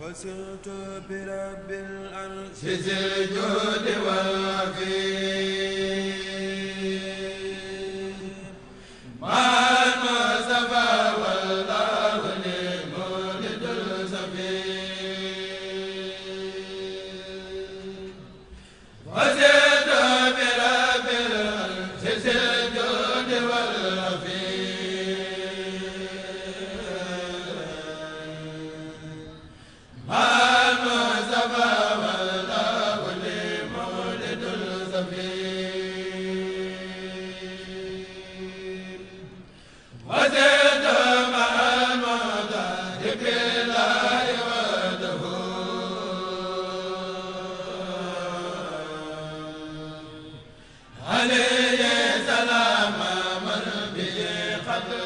فسرت برب العرش ذي الجود والوفي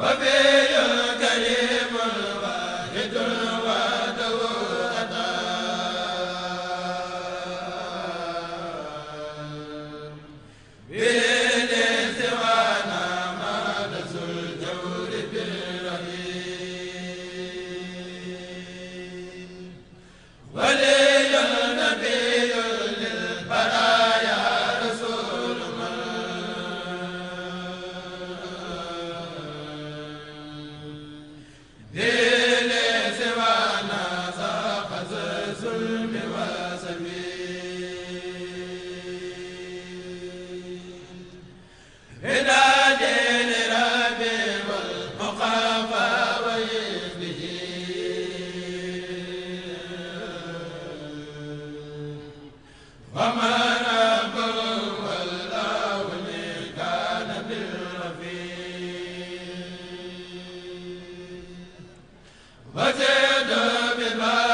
wa wa zid bi